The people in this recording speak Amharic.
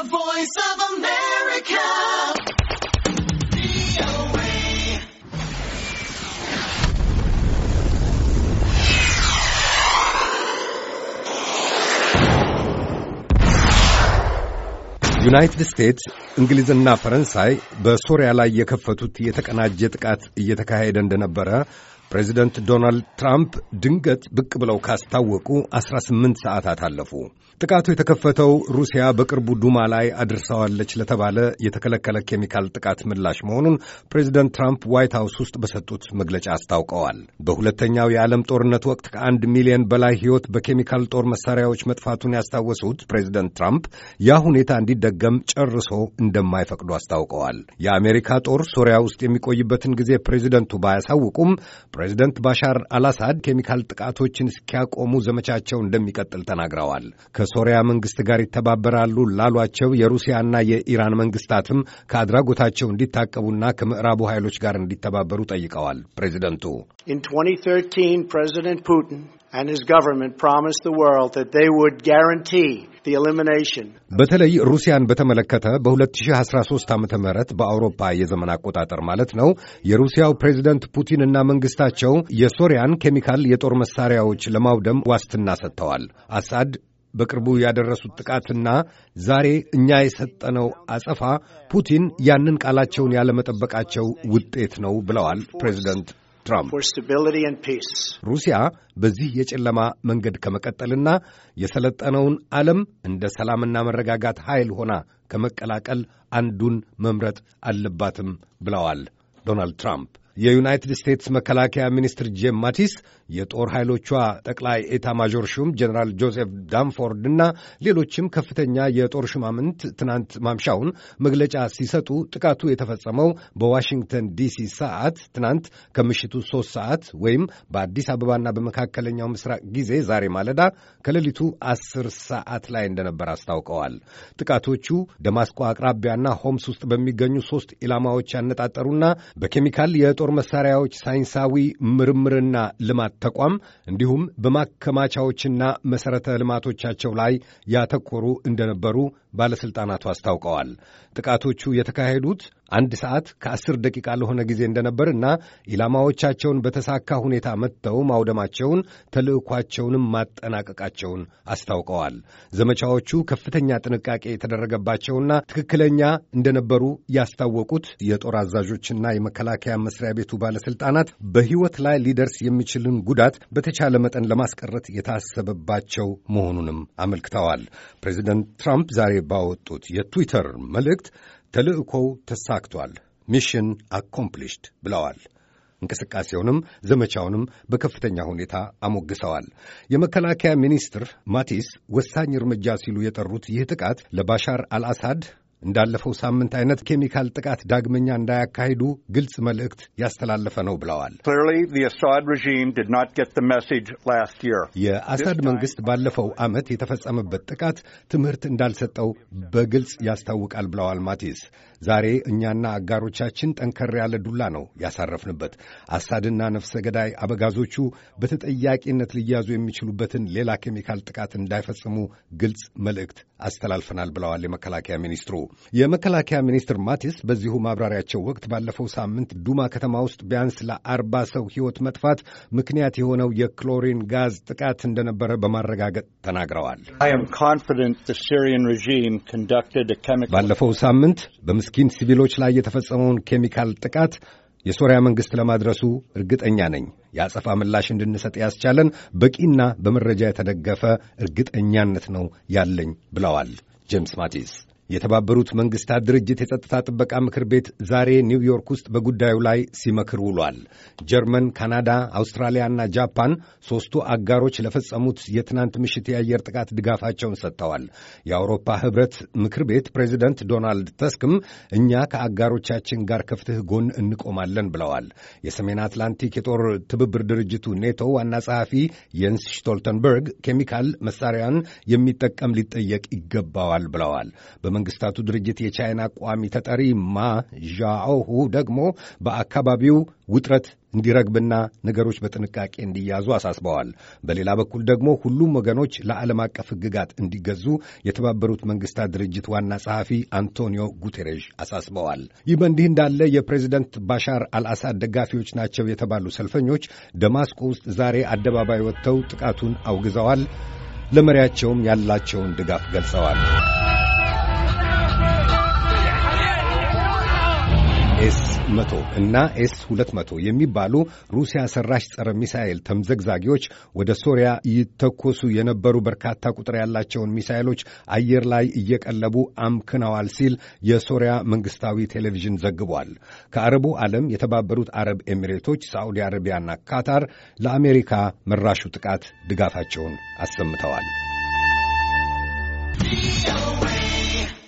The Voice of America. ዩናይትድ ስቴትስ እንግሊዝና ፈረንሳይ በሶሪያ ላይ የከፈቱት የተቀናጀ ጥቃት እየተካሄደ እንደነበረ ፕሬዚደንት ዶናልድ ትራምፕ ድንገት ብቅ ብለው ካስታወቁ 18 ሰዓታት አለፉ። ጥቃቱ የተከፈተው ሩሲያ በቅርቡ ዱማ ላይ አድርሰዋለች ለተባለ የተከለከለ ኬሚካል ጥቃት ምላሽ መሆኑን ፕሬዚደንት ትራምፕ ዋይት ሃውስ ውስጥ በሰጡት መግለጫ አስታውቀዋል። በሁለተኛው የዓለም ጦርነት ወቅት ከአንድ ሚሊዮን በላይ ሕይወት በኬሚካል ጦር መሳሪያዎች መጥፋቱን ያስታወሱት ፕሬዚደንት ትራምፕ ያ ሁኔታ እንዲደገም ጨርሶ እንደማይፈቅዱ አስታውቀዋል። የአሜሪካ ጦር ሶሪያ ውስጥ የሚቆይበትን ጊዜ ፕሬዚደንቱ ባያሳውቁም ፕሬዚደንት ባሻር አልአሳድ ኬሚካል ጥቃቶችን እስኪያቆሙ ዘመቻቸው እንደሚቀጥል ተናግረዋል። ከሶሪያ መንግሥት ጋር ይተባበራሉ ላሏቸው የሩሲያና የኢራን መንግሥታትም ከአድራጎታቸው እንዲታቀቡና ከምዕራቡ ኃይሎች ጋር እንዲተባበሩ ጠይቀዋል። ፕሬዚደንቱ and his government promised the world that they would guarantee the elimination በተለይ ሩሲያን በተመለከተ በ2013 ም በአውሮፓ የዘመን አቆጣጠር ማለት ነው የሩሲያው ፕሬዚደንት ፑቲን እና መንግሥታቸው የሶሪያን ኬሚካል የጦር መሳሪያዎች ለማውደም ዋስትና ሰጥተዋል። አሳድ በቅርቡ ያደረሱት ጥቃትና ዛሬ እኛ የሰጠነው አጸፋ ፑቲን ያንን ቃላቸውን ያለመጠበቃቸው ውጤት ነው ብለዋል ፕሬዚደንት ትራምፕ ሩሲያ በዚህ የጨለማ መንገድ ከመቀጠልና የሰለጠነውን ዓለም እንደ ሰላምና መረጋጋት ኃይል ሆና ከመቀላቀል አንዱን መምረጥ አለባትም ብለዋል ዶናልድ ትራምፕ። የዩናይትድ ስቴትስ መከላከያ ሚኒስትር ጄም ማቲስ የጦር ኃይሎቿ ጠቅላይ ኤታ ማዦር ሹም ጀኔራል ጆሴፍ ዳንፎርድ እና ሌሎችም ከፍተኛ የጦር ሹማምንት ትናንት ማምሻውን መግለጫ ሲሰጡ ጥቃቱ የተፈጸመው በዋሽንግተን ዲሲ ሰዓት ትናንት ከምሽቱ ሦስት ሰዓት ወይም በአዲስ አበባና በመካከለኛው ምስራቅ ጊዜ ዛሬ ማለዳ ከሌሊቱ አስር ሰዓት ላይ እንደነበር አስታውቀዋል። ጥቃቶቹ ደማስቆ አቅራቢያና ሆምስ ውስጥ በሚገኙ ሦስት ኢላማዎች ያነጣጠሩና በኬሚካል የጦር መሳሪያዎች ሳይንሳዊ ምርምርና ልማት ተቋም እንዲሁም በማከማቻዎችና መሠረተ ልማቶቻቸው ላይ ያተኮሩ እንደነበሩ ባለሥልጣናቱ አስታውቀዋል። ጥቃቶቹ የተካሄዱት አንድ ሰዓት ከአስር ደቂቃ ለሆነ ጊዜ እንደነበርና ኢላማዎቻቸውን በተሳካ ሁኔታ መጥተው ማውደማቸውን ተልዕኳቸውንም ማጠናቀቃቸውን አስታውቀዋል። ዘመቻዎቹ ከፍተኛ ጥንቃቄ የተደረገባቸውና ትክክለኛ እንደነበሩ ያስታወቁት የጦር አዛዦችና የመከላከያ መስሪያ ቤቱ ባለሥልጣናት በሕይወት ላይ ሊደርስ የሚችልን ጉዳት በተቻለ መጠን ለማስቀረት የታሰበባቸው መሆኑንም አመልክተዋል። ፕሬዚደንት ትራምፕ ዛሬ ባወጡት የትዊተር መልእክት ተልእኮው ተሳክቷል፣ ሚሽን አኮምፕሊሽድ ብለዋል። እንቅስቃሴውንም ዘመቻውንም በከፍተኛ ሁኔታ አሞግሰዋል። የመከላከያ ሚኒስትር ማቲስ ወሳኝ እርምጃ ሲሉ የጠሩት ይህ ጥቃት ለባሻር አልአሳድ እንዳለፈው ሳምንት አይነት ኬሚካል ጥቃት ዳግመኛ እንዳያካሂዱ ግልጽ መልእክት ያስተላለፈ ነው ብለዋል። የአሳድ መንግስት ባለፈው ዓመት የተፈጸመበት ጥቃት ትምህርት እንዳልሰጠው በግልጽ ያስታውቃል ብለዋል ማቲስ። ዛሬ እኛና አጋሮቻችን ጠንከር ያለ ዱላ ነው ያሳረፍንበት። አሳድና ነፍሰ ገዳይ አበጋዞቹ በተጠያቂነት ሊያዙ የሚችሉበትን ሌላ ኬሚካል ጥቃት እንዳይፈጽሙ ግልጽ መልእክት አስተላልፈናል ብለዋል የመከላከያ ሚኒስትሩ። የመከላከያ ሚኒስትር ማቲስ በዚሁ ማብራሪያቸው ወቅት ባለፈው ሳምንት ዱማ ከተማ ውስጥ ቢያንስ ለአርባ ሰው ሕይወት መጥፋት ምክንያት የሆነው የክሎሪን ጋዝ ጥቃት እንደነበረ በማረጋገጥ ተናግረዋል። ባለፈው ሳምንት በምስኪን ሲቪሎች ላይ የተፈጸመውን ኬሚካል ጥቃት የሶሪያ መንግሥት ለማድረሱ እርግጠኛ ነኝ። የአጸፋ ምላሽ እንድንሰጥ ያስቻለን በቂና በመረጃ የተደገፈ እርግጠኛነት ነው ያለኝ ብለዋል ጄምስ ማቲስ። የተባበሩት መንግስታት ድርጅት የጸጥታ ጥበቃ ምክር ቤት ዛሬ ኒውዮርክ ውስጥ በጉዳዩ ላይ ሲመክር ውሏል። ጀርመን፣ ካናዳ፣ አውስትራሊያና ጃፓን ሦስቱ አጋሮች ለፈጸሙት የትናንት ምሽት የአየር ጥቃት ድጋፋቸውን ሰጥተዋል። የአውሮፓ ህብረት ምክር ቤት ፕሬዚደንት ዶናልድ ተስክም እኛ ከአጋሮቻችን ጋር ከፍትህ ጎን እንቆማለን ብለዋል። የሰሜን አትላንቲክ የጦር ትብብር ድርጅቱ ኔቶ ዋና ጸሐፊ የንስ ሽቶልተንበርግ ኬሚካል መሳሪያን የሚጠቀም ሊጠየቅ ይገባዋል ብለዋል። የመንግስታቱ ድርጅት የቻይና ቋሚ ተጠሪ ማ ዣኦሁ ደግሞ በአካባቢው ውጥረት እንዲረግብና ነገሮች በጥንቃቄ እንዲያዙ አሳስበዋል። በሌላ በኩል ደግሞ ሁሉም ወገኖች ለዓለም አቀፍ ሕግጋት እንዲገዙ የተባበሩት መንግስታት ድርጅት ዋና ጸሐፊ አንቶኒዮ ጉቴሬዥ አሳስበዋል። ይህ በእንዲህ እንዳለ የፕሬዚደንት ባሻር አልአሳድ ደጋፊዎች ናቸው የተባሉ ሰልፈኞች ደማስቆ ውስጥ ዛሬ አደባባይ ወጥተው ጥቃቱን አውግዘዋል። ለመሪያቸውም ያላቸውን ድጋፍ ገልጸዋል። ኤስ 100 እና ኤስ 200 የሚባሉ ሩሲያ ሰራሽ ጸረ ሚሳኤል ተምዘግዛጊዎች ወደ ሶሪያ ይተኮሱ የነበሩ በርካታ ቁጥር ያላቸውን ሚሳኤሎች አየር ላይ እየቀለቡ አምክነዋል ሲል የሶሪያ መንግስታዊ ቴሌቪዥን ዘግቧል። ከአረቡ ዓለም የተባበሩት አረብ ኤሚሬቶች፣ ሳዑዲ አረቢያና ካታር ለአሜሪካ መራሹ ጥቃት ድጋፋቸውን አሰምተዋል።